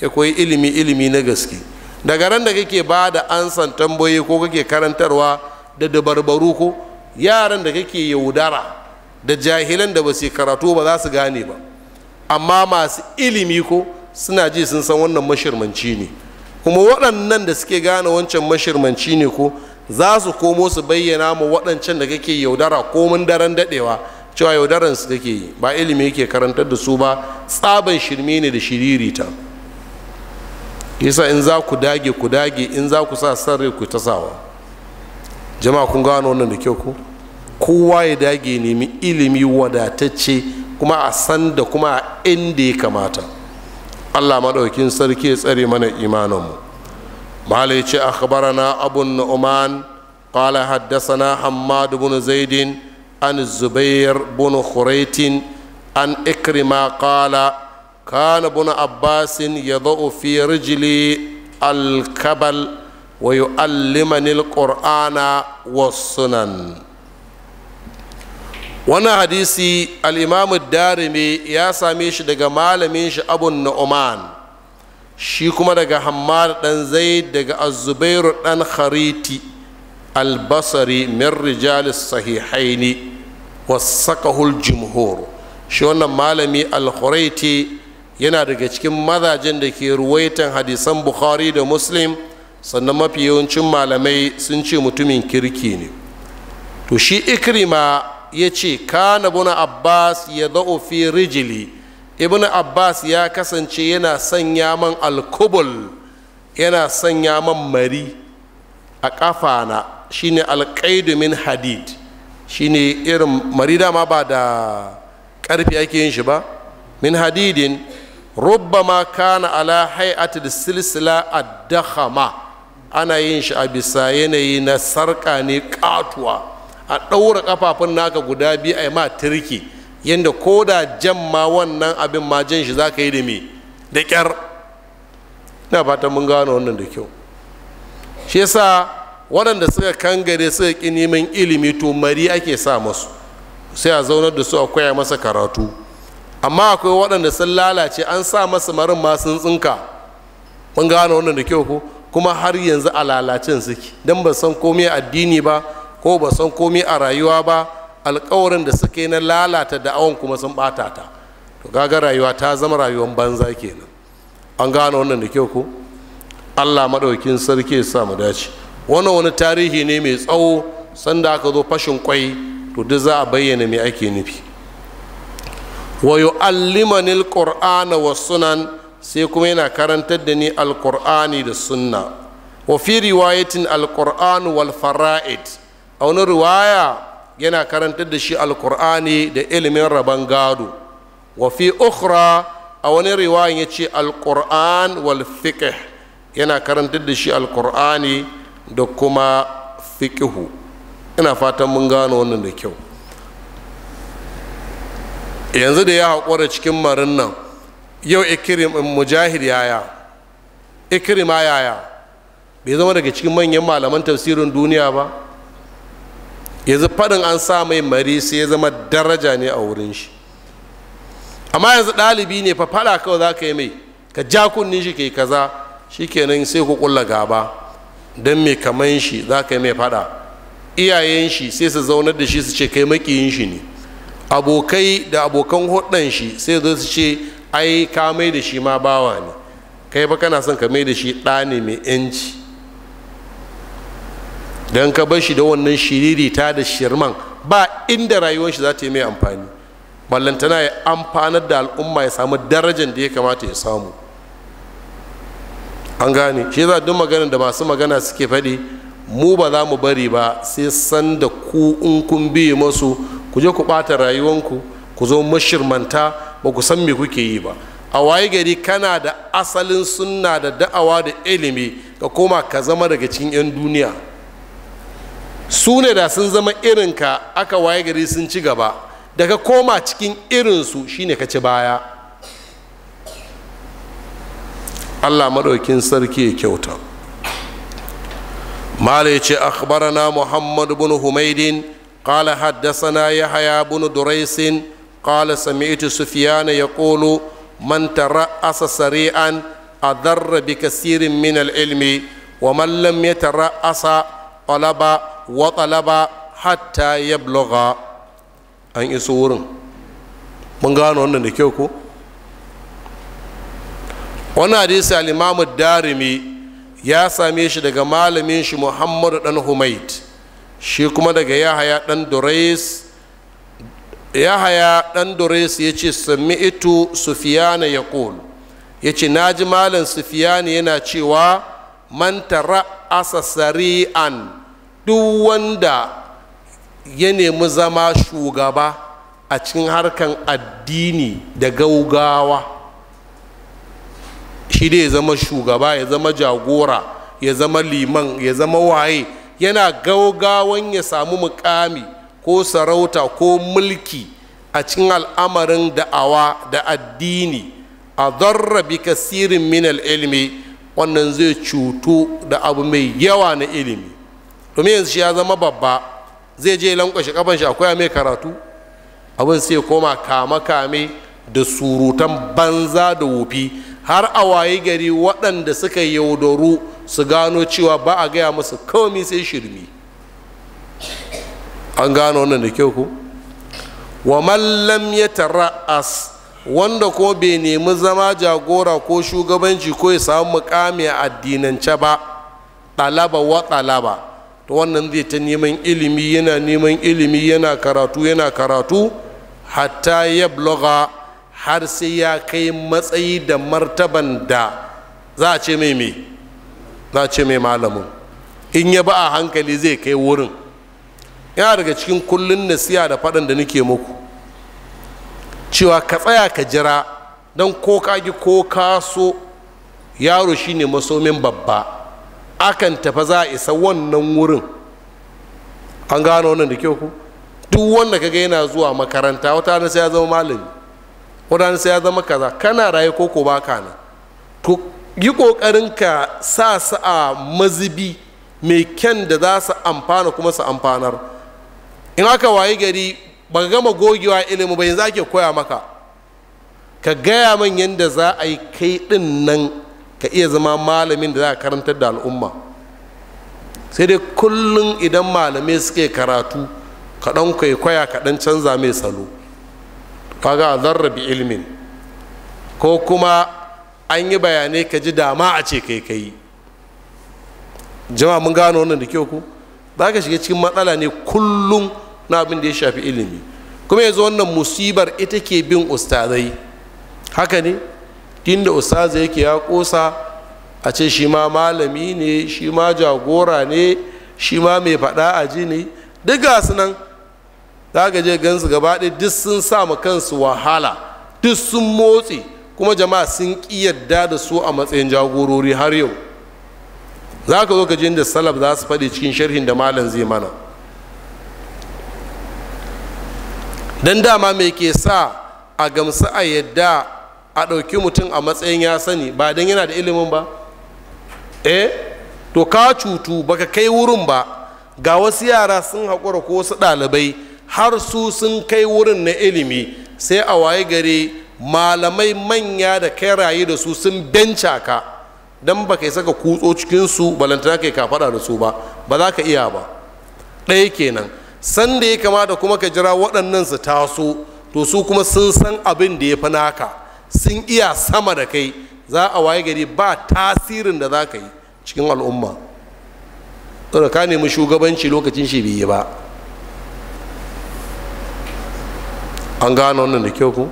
ya koyi ilimi ilimi na gaske daga ran da kake ba da ansan tambayoyi ko kake karantarwa da dabarbaru ko yaran da kake yaudara da jahilan da ba su karatu ba za su gane ba amma masu ilimi ko suna ji sun san wannan mashirmanci ne kuma waɗannan da suke gane wancan mashirmanci ne ko za su komo su bayyana mu waɗancan da kake yaudara komin daren daɗewa cewa yaudaran su take yi ba ilimi yake karantar da su ba tsaban shirme ne da ta yasa in za ku dage ku dage in za ku sa sarri ku ta sawa jama'a kun gano wannan da kyau ko kowa ya dage nemi ilimi wadatacce kuma a san da kuma a inda ya kamata allah maɗaukin sarki ya tsare mana imaninmu mala ya ce akhbarana abun nu'man na haddasana hammad ibn zaidin عن الزبير بن خريت عن ikrima قال كان بن عباس يضع في رجلي الكبل ويؤلمني القرآن والسنن وانا حديثي الإمام الدارمي يا ساميش دقا مالميش أبو النعمان شيكما دقا حمار دن زيد دقا الزبير دن خريتي albasari min Sahihaine sahihaini wasakahul jumhur shi wannan malami alkhuraiti yana daga cikin mazajen da ke ruwaitan hadisan bukhari da muslim sannan mafi yawancin malamai sun ce mutumin kirki ne to shi ikrima ya ce kana buna abbas ya za'o fi rijili ibn abbas ya kasance yana sanya man alkubul yana sanya man mari a na. shine alƙaidu min hadid shine irin marida ma ba da ƙarfi ake yin shi ba min hadidin rubbama kana ala da silsila a dakhama ana yin shi a bisa yanayi na sarƙa ne katuwa a ɗaura ƙafafun naka guda biyu a yi ma turki yadda ko da jan ma wannan abin ma jan shi za ka yi da me da ƙyar na fatan mun gano wannan da kyau shi yasa waɗanda suka kangare suka ƙi neman ilimi to mari ake sa masu sai a zaunar da su a koya masa karatu amma akwai waɗanda sun lalace an sa masa marin ma sun tsinka mun gane wannan da kyau ko kuma har yanzu a lalacin suke don ba san komai addini ba ko ba san komai a rayuwa ba alkawarin da suka yi na lalata da awon kuma sun ɓata ta to gaga rayuwa ta zama rayuwar banza kenan an gane wannan da kyau ko allah maɗaukin sarki ya sa mu dace wannan wani tarihi ne mai tsawo sanda aka zo fashin kwai to duk za a bayyana mai ake nufi wa yu'allimani alqur'ana was sunan sai kuma yana karantar da ni alqur'ani da sunna wa fi riwayatin alqur'an wal fara'id a wani riwaya yana karantar da shi alqur'ani da ilimin rabon gado wa fi ukhra a wani riwayan yace alqur'an wal fiqh yana karantar da shi alqur'ani da kuma fiƙihu ina fatan mun gano wannan da kyau yanzu da ya haƙura cikin marin nan yau ikirim mujahid yaya ikirima yaya bai zama daga cikin manyan malaman tafsirin duniya ba yanzu faɗin an sa mai mari sai ya zama daraja ne a wurin shi amma yanzu ɗalibi ne fa faɗa kawai za ka yi mai ka ja shi ke kaza kaza shikenan sai ku ƙulla gaba don mai kaman shi za ka yi mai fada iyayen shi sai su zaunar da shi su ce kai makiyin shi ne abokai da abokan hudun shi sai zo su ce ai ka mai da shi ma bawa ne kai ba kana son ka mai da shi ɗa ne mai yanci don ka bar shi da wannan Shiriri ta da shirman ba inda rayuwar shi za ta yi mai amfani ballantana ya amfanar da al'umma ya samu darajar da ya kamata ya samu an gane shi za duk maganar da masu magana suke faɗi mu ba za mu bari ba sai san da ku in kun biye masu ku je ku ɓata rayuwanku ku zo mashirmanta ba ku san me kuke yi ba a waye gari kana da asalin sunna da da'awa da ilimi ka koma ka zama daga cikin 'yan duniya su ne da sun zama irinka aka waye gari sun ci gaba daga koma cikin irinsu shine ka ci baya allah maɗaukin sarki ya kyauta mala ya ce akhbarana muhammad bin humaidin qala haddasana yahya bin duraisin qala sami'tu sufyana yaqulu man tara'asa sari'an adarra bi kasirin min al-ilmi wa man lam yatara'asa talaba wa talaba hatta yablugha an iso wurin mun gano wannan da kyau ko wani hadisi al'imamu darimi ya same shi daga malamin shi muhammadu dan humait shi kuma daga yahaya dan durais yahaya dan durais ya ce ito sufiyana ya ya ce na ji malam Sufiyana yana cewa mantara asa sari'an duk wanda ya nemi zama shugaba a cikin harkan addini da gaugawa shi ne ya zama shugaba ya zama jagora ya zama liman ya zama waye yana gaugawan ya samu mukami ko sarauta ko mulki a cikin al'amarin da'awa da addini a zarra bi kasirin min ilmi wannan zai cutu da abu mai yawa na ilimi domin yanzu shi ya zama babba zai je lankwashe kafan shi akwai mai karatu abin sai koma kame-kame da surutan banza da wofi har a waye gari waɗanda suka yaudaru su gano cewa ba a gaya musu komi sai shirmi an gano wannan da kyau ku wa mallam ya tara'as wanda ko bai nemi zama jagora ko shugabanci ko ya samu mukami a addinance ba ɗalaba wa ɗalaba to wannan zai ta neman ilimi yana neman ilimi yana karatu yana karatu hatta ya bloga har sai ya kai matsayi da martaban da za a ce mai me za a ce mai malamin in ya ba a hankali zai kai wurin yana daga cikin kullun nasiya da faɗin da nake muku cewa ka tsaya ka jira don ko kagi ko kaso yaro shine masomin babba akan tafa za a isa wannan wurin an gano wannan da kyau ku duk wanda kaga yana zuwa makaranta wata sai ya zama malami wadansu ya zama kaza kana raye ko ko baka na to yi kokarin ka sa su a mazibi mai kyan da za su amfana kuma su amfanar in aka wayi gari ba ka gama gogewa ilimi ba yanzu ake koya maka ka gaya man yadda za a yi kai din nan ka iya zama malamin da za a karantar da al'umma sai dai kullum idan malamai suke karatu ka ɗan kwaikwaya ka ɗan canza mai salo kaga zarra bi ilmin ko kuma an yi bayanai ka ji dama a ce kai kai jama'a mun gano wannan da kyau ku za ka shiga cikin matsala ne kullum na abin da ya shafi ilimi kuma yanzu wannan musibar ita ke bin ustazai haka ne da ustazai yake ya kosa a ce shi ma malami ne shi ma jagora ne shi ma mai faɗa a jini ne duk gasu nan za ka je gansu gaba ɗaya duk sun sa ma kansu wahala duk sun motsi kuma jama'a sun ƙi yadda da su a matsayin jagorori har yau za ka zo ka jin da salaf za su faɗi cikin sharhin da malam zai mana don dama mai ke sa a gamsu a yadda a ɗauki mutum a matsayin ya sani ba don yana da ilimin ba eh to ka cutu baka kai wurin ba ga wasu yara sun haƙura ko wasu ɗalibai har su sun kai wurin na ilimi sai a waye gare malamai manya da kai rayu da su sun benca ka don ba kai saka kutso cikinsu balantana kai ka faɗa da su ba ba za ka iya ba ɗaya kenan sanda ya kamata kuma ka jira waɗannan su taso to su kuma sun san abin da ya fi naka sun iya sama da kai za a waye gari ba tasirin da za ka yi cikin al'umma ka nemi shugabanci lokacin shi bai ba an gano wannan da kyau ku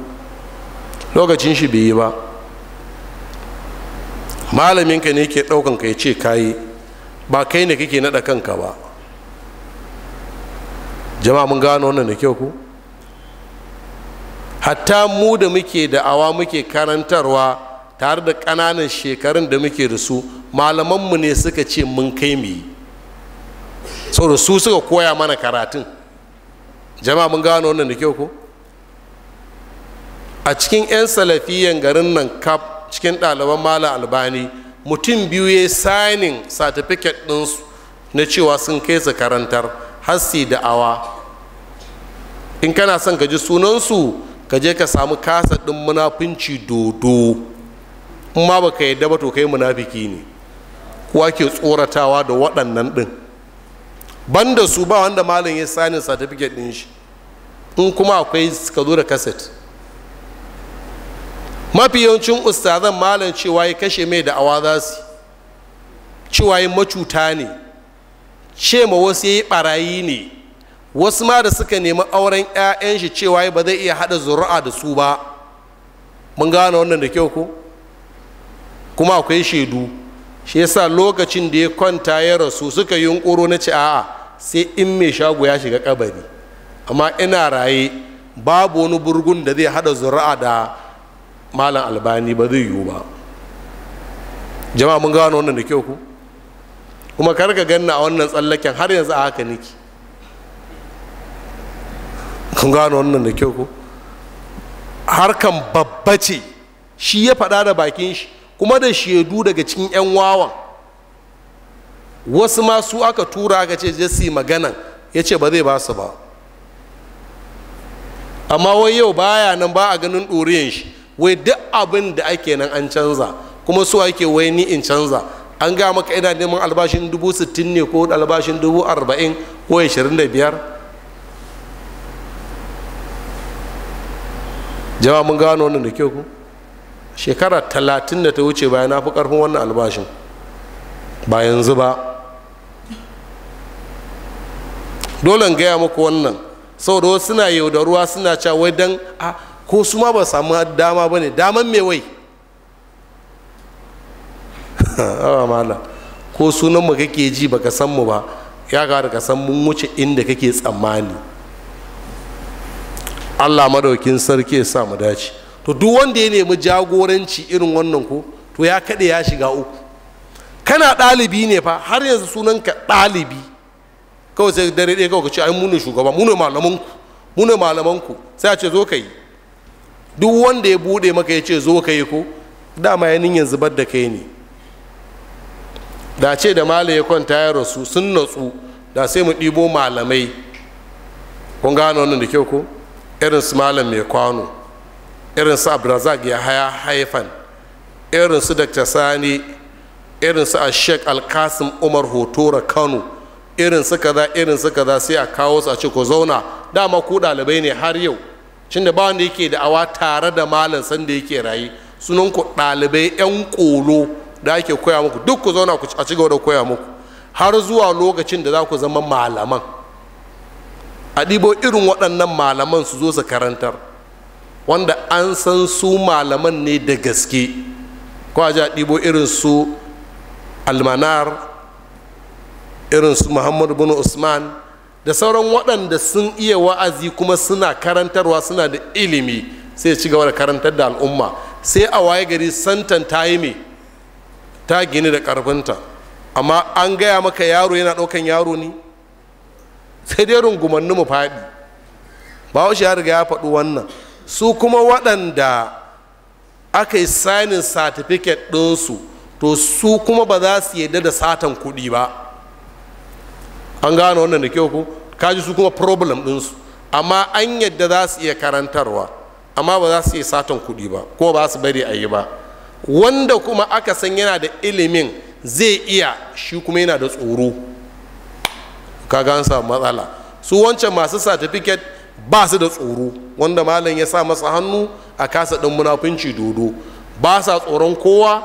lokacin shi bai yi ba malaminka ne ke ɗaukan ka ya ce kayi ba kai ne kake naɗa kanka ba jama'a mun gano wannan da kyau ku hatta mu da muke da'awa muke karantarwa tare da ƙananan shekarun da muke da su malamanmu ne suka ce mun kai mu yi saboda su suka koya mana karatun jama'a mun gano wannan da kyau ku? a cikin 'yan salafiyan garin nan kaf cikin ɗaliban mala albani mutum biyu ya sainin satifiket ɗinsu na cewa sun kai su karantar hassi da awa in kana son ka ji sunansu ka je ka samu kasa ɗin munafunci dodo in ma baka yadda ba to kai munafiki ne kuwa ke tsoratawa da waɗannan ɗin banda su ba wanda malam ya sani satifiket ɗin shi in kuma akwai ka zo da kaset mafi yawancin ustazan malam cewa ya kashe mai da awa za su cewa yin macuta ne ce ma wasu ya yi barayi ne wasu ma da suka nemi auren 'ya'yan shi cewa ba zai iya haɗa zuri'a da su ba mun gane wannan da kyau ko kuma akwai shaidu shi yasa lokacin da ya kwanta ya rasu suka yi yunƙuro na ce a'a sai in mai shago ya shiga kabari amma ina raye babu wani burgun da zai haɗa zuri'a da malam albani ba zai yiwu ba jama'a mun gano wannan da kyau ku kuma karka ganna a wannan tsallaken har yanzu a haka niki kun gano wannan da kyau ku harkan babba ce shi ya faɗa da bakin shi kuma da shaidu daga cikin 'yan wawan wasu ma su aka tura aka ce je su maganan ya ce ba zai ba su ba amma wai yau baya nan ba a ganin ɗoriyan shi wai duk abin da ake nan an canza kuma su ake wai ni in canza an ga maka ina neman albashin dubu sittin ne ko albashin dubu arba'in ko ashirin da biyar jama'a mun gano wannan da kyau ku shekara talatin da ta wuce bayan na fi karfin wannan albashin ba yanzu ba dole gaya muku wannan saboda wasu suna yaudaruwa suna cewa wai dan a ah, ko su ma ba samu dama ba ne daman me wai (laughs) ko sunan mu kake ji baka san mu ba ya gara ka san mun wuce inda kake tsammani allah madaukin sarki ya sa mu dace to duk wanda ya nemi jagoranci irin wannan ko to ya kaɗe ya shiga uku kana ɗalibi ne fa har yanzu sunanka ɗalibi kawai sai dare ɗaya kawai ka ce ai mu ne shugaba mu ne malamanku mu ne malamanku sai a ce zo ka yi duk wanda ya bude maka ya ce zo ka yi ko dama ya yin zubar da kai ne da ce da mala ya kwanta ya rasu sun natsu da sai mu ɗibo malamai kun gano wannan da kyau ko irin su malam mai kwano irin su ya haya haifan irin su dr sani irin su ashek alkasim umar hotora kano irin su kaza irin su kaza sai a kawo su a ce ku zauna dama ku ɗalibai ne har yau cin da ba wanda yake da awa tare da malam sanda yake raye sunan ku ɗalibai yan kolo da ake koya muku duk ku zauna ku a ci gaba da koya muku har zuwa lokacin da za ku zama malaman a ɗibo irin waɗannan malaman su zo su karantar wanda an san su malaman ne da gaske ko a ji a ɗibo irin su almanar irin su muhammadu bin usman da sauran waɗanda sun iya wa'azi kuma suna karantarwa suna da ilimi sai ci gaba da karantar da al'umma sai a waye gari santan ta yi me ta gini da ƙarfinta amma an gaya maka yaro yana ɗaukan yaro ne sai dai rungumanni mu faɗi ba ya riga ya faɗi wannan su kuma waɗanda aka yi sainin satifiket ɗinsu to su kuma ba za su yadda da satan kuɗi ba an gane wannan da kyau ku kaji su kuma problem su amma an yadda za su iya karantarwa amma ba za su iya satan kuɗi ba ko ba su bari a yi ba wanda kuma aka san yana da ilimin zai iya shi kuma yana da tsoro ka an samu matsala su wancan masu certificate ba su da tsoro wanda malam ya sa masa hannu a kasa ɗin munafunci dodo ba sa tsoron kowa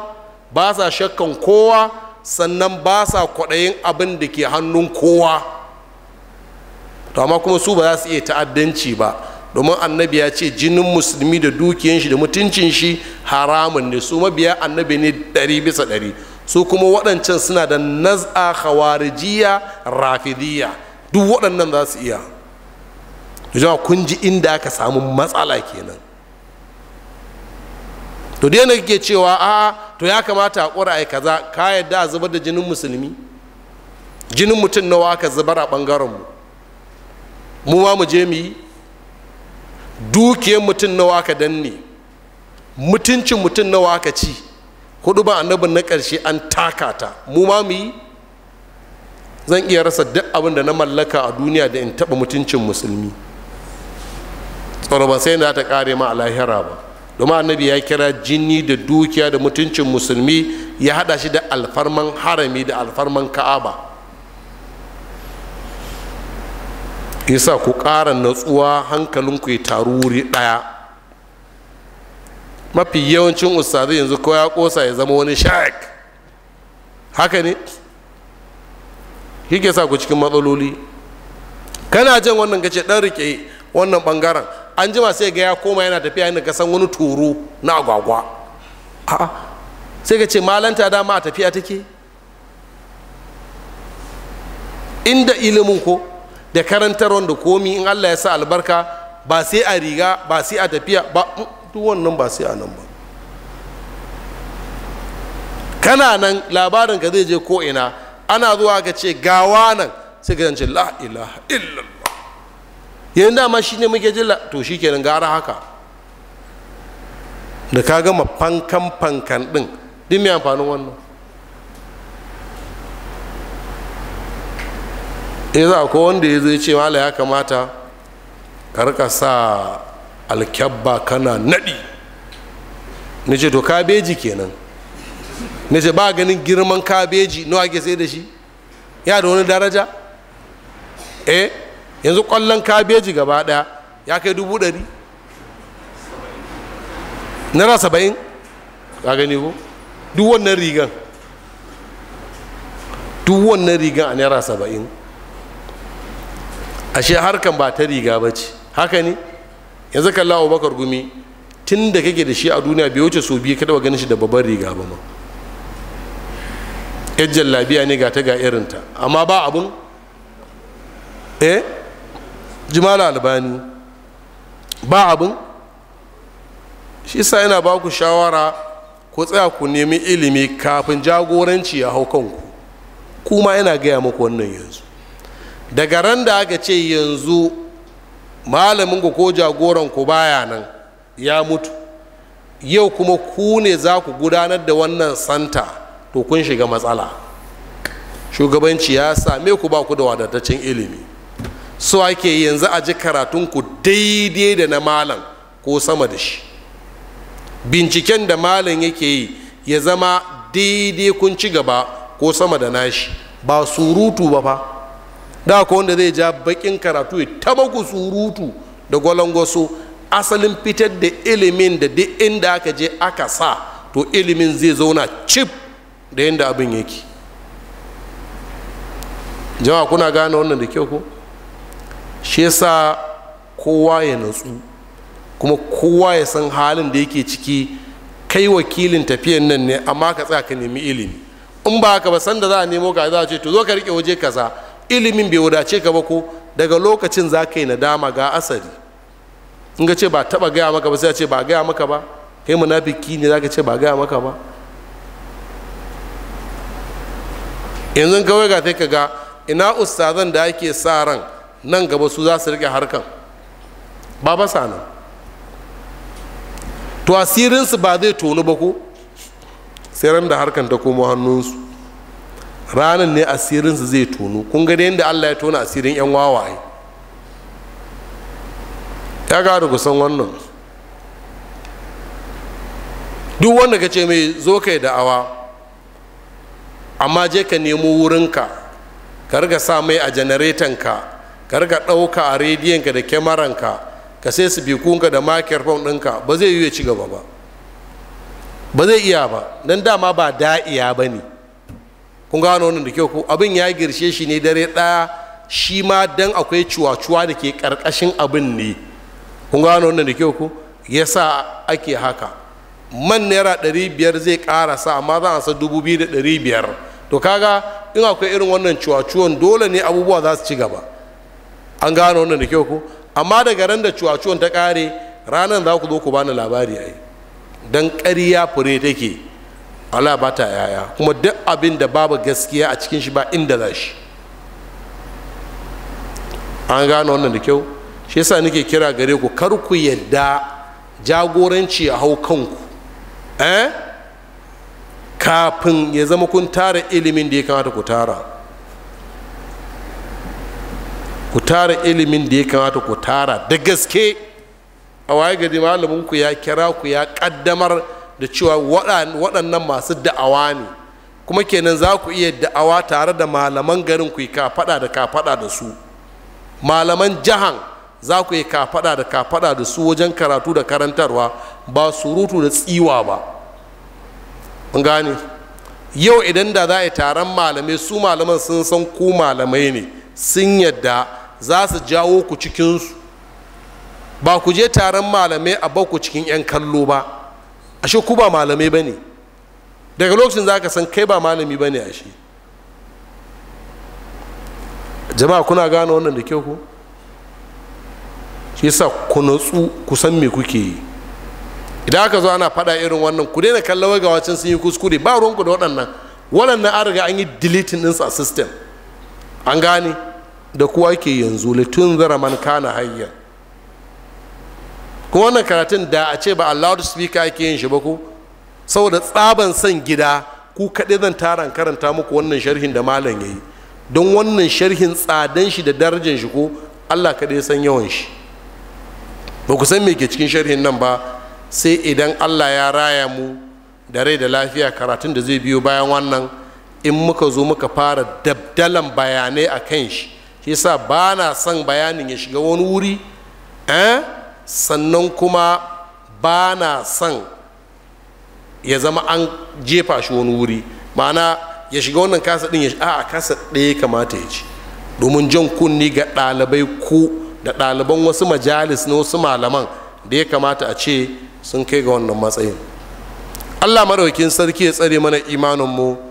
ba sa shakkan kowa sannan ba sa kwaɗayin abin da ke hannun kowa to amma kuma su ba za su iya ta'addanci ba domin annabi ya ce jinin musulmi da dukiyan shi da mutuncin shi haramun ne su mabiya annabi ne ɗari bisa ɗari su kuma waɗancan suna da naz'a khawarijiya rafidiyya duk waɗannan za su iya kun ji inda aka samu matsala kenan to dai na kake cewa a to ya kamata a ƙura ai kaza ka yadda a zubar da jinin musulmi jinin mutum nawa aka zubar a ɓangaren mu mu ma mu je mu yi dukiyar mutum nawa aka danne mutuncin mutum nawa aka ci hudu ba annabin na ƙarshe an taka ta mu ma mu yi zan iya rasa duk abin da na mallaka a duniya da in taɓa mutuncin musulmi tsoro ba sai na ta kare ma a lahira ba domin annabi ya kira jini da dukiya da mutuncin musulmi ya hada shi da alfarman harami da alfarman ka'aba isa ku ƙara natsuwa hankalinku ya taru wuri ɗaya mafi yawancin ustazai yanzu ko ya ƙosa ya zama wani sha'ik haka ne kike sa ku cikin matsaloli kana jin wannan gace dan rike wannan bangaren an jima sai ga ya koma yana tafiya inda ka san wani toro na agwagwa a'a sai ka ce malanta dama a tafiya take inda ilimin ko da karantar wanda komi in allah ya sa albarka ba sai a riga ba sai a tafiya ba duk wannan ba sai a nan ba kana nan labarin ka zai je ko ina ana zuwa ka ce gawa nan sai ka ce la ilaha illallah yanzu dama shi ne muke jilla to shi kenan gara haka da ka gama fankan fankan ɗin din mai amfanin wannan ya eh, za ko wanda ya zai ce mala ya kamata karka rika sa alkyabba kana naɗi na ce to kabeji kenan na ce ba ganin girman kabeji nawa ke sai da shi ya da wani daraja eh yanzu kwallon kabeji gaba daya ya kai dubu ɗari naira saba'in ga gani ko duk wannan rigan duk wannan rigan a naira saba'in ashe harkan ba ta riga ba ce haka ne yanzu kalla abubakar gumi tun da kake da shi a duniya bai wuce so biyu kada ganin shi da babban riga ba ma yajjan labiya ne ga ta ga irinta amma ba abun eh jimala albani ba abin shi sa yana ba ku shawara ku tsaya ku nemi ilimi kafin jagoranci ya hau kanku kuma yana gaya muku wannan yanzu daga ran da aka ce yanzu malamin ku ko jagoran ku baya nan ya mutu yau kuma ku ne za ku gudanar da wannan santa to kun shiga matsala shugabanci ya same ku ba ku da wadataccen ilimi so ake yanzu a ji karatunku daidai da na malam ko sama da shi binciken da malam yake yi ya zama daidai kun ci gaba ko sama da nashi ba surutu ba fa da ko wanda zai ja bakin karatu ya taba ku surutu da gwalangwaso asalin fitar da ilimin da duk inda aka je aka sa to ilimin zai zauna cif da yadda abin yake jama'a kuna gane wannan da kyau ko shi yasa kowa ya natsu kuma kowa ya san halin da yake ciki kai wakilin tafiyan nan ne amma ka tsaya ka nemi ilimi in ba ka ba san da za a nemo ka za a ce to zo ka rike waje kaza ilimin bai wadace ka ba ko daga lokacin za ka yi nadama ga asali in ka ce ba taba gaya maka ba sai a ce ba gaya maka ba kai munafiki ne za ka ce ba gaya maka ba yanzu kawai ga sai ka ga ina ustazan da ake sa ran nan gaba su za su rike harkan ba ba sa nan to asirinsu ba zai tonu ba ko sai ran da harkan ta komo hannunsu ranar ne asirinsu zai tonu kun gani yadda allah ya tona asirin yan wawaye ya gada kusan wannan duk wanda ka ce mai zo kai da'awa amma je ka nemo wurinka ka riga sa mai a janaretanka Kar ka ɗauka a rediyonka da kyamaranka ka sai su kunka da makiyar fom ɗinka ba zai yi ya ci gaba ba ba zai iya ba don dama ba da'iya ba ne kun gano wannan da kyau ku abin ya girshe shi ne dare ɗaya shi ma don akwai cuwacuwa da ke ƙarƙashin abin ne kun gano wannan da kyau ku ya sa ake haka man naira ɗari biyar zai ƙarasa amma za a sa dubu biyu da ɗari biyar to kaga in akwai irin wannan cuwacuwan dole ne abubuwa za su ci gaba an gano wannan da kyau ko amma daga ran da cuwacuwan ta kare ranar za ku zo ku bani labari ai dan ƙarya fure take Allah ba ta yaya kuma duk abin da babu gaskiya a cikin shi ba inda za shi an gano wannan da kyau shi yasa nake kira gare ku kar ku yadda jagoranci ya hau kanku eh kafin ya zama kun tara ilimin da ya kamata ku tara ku tara ilimin da ya kamata ku tara da gaske a waye gari malaminku ya kira ku ya kaddamar da cewa waɗannan masu da'awa ne kuma kenan za ku iya da'awa tare da malaman garin ku yi kafaɗa da kafaɗa da su malaman jahan za ku yi kafaɗa da kafaɗa da su wajen karatu da karantarwa ba surutu da tsiwa ba yau idan da za a yi taron malamai su malaman sun san ku malamai ne sun yadda za su jawo ku cikinsu ba ku je taron malamai a ku cikin 'yan kallo ba ashe ku ba malamai ba ne daga lokacin za ka san kai ba malami ba ne ashe jama'a kuna gane wannan da kyau ku shi yasa ku natsu ku san me kuke yi idan aka zo ana faɗa irin wannan ku daina kallon ga wacin sun yi kuskure ba ruwanku da waɗannan waɗannan an riga an yi deleting ɗinsu a system an gane da kuwa ke yanzu litun zara man kana hayya kuma wannan karatun da a ce ba a loud ake yin shi ba ku saboda tsaban son gida ku kaɗai zan taron karanta muku wannan sharhin da malam ya yi don wannan sharhin tsadan shi da darajar shi ko allah kaɗai san yawan shi ba ku san me ke cikin sharhin nan ba sai idan allah ya raya mu da rai da lafiya karatun da zai biyo bayan wannan in muka zo muka fara dabdalan bayanai a kan shi shi sa ba na son bayanin ya shiga wani wuri eh? sannan kuma ba na son ya zama an jefa shi wani wuri ma'ana ya shiga wannan kasa ɗin ya shi a kasa ɗaya kamata ya ci domin jan kunni ga ɗalibai ko da ɗaliban wasu majalis na wasu malaman da ya kamata a ce sun kai ga wannan matsayin allah maraukin sarki ya tsare mana imaninmu mu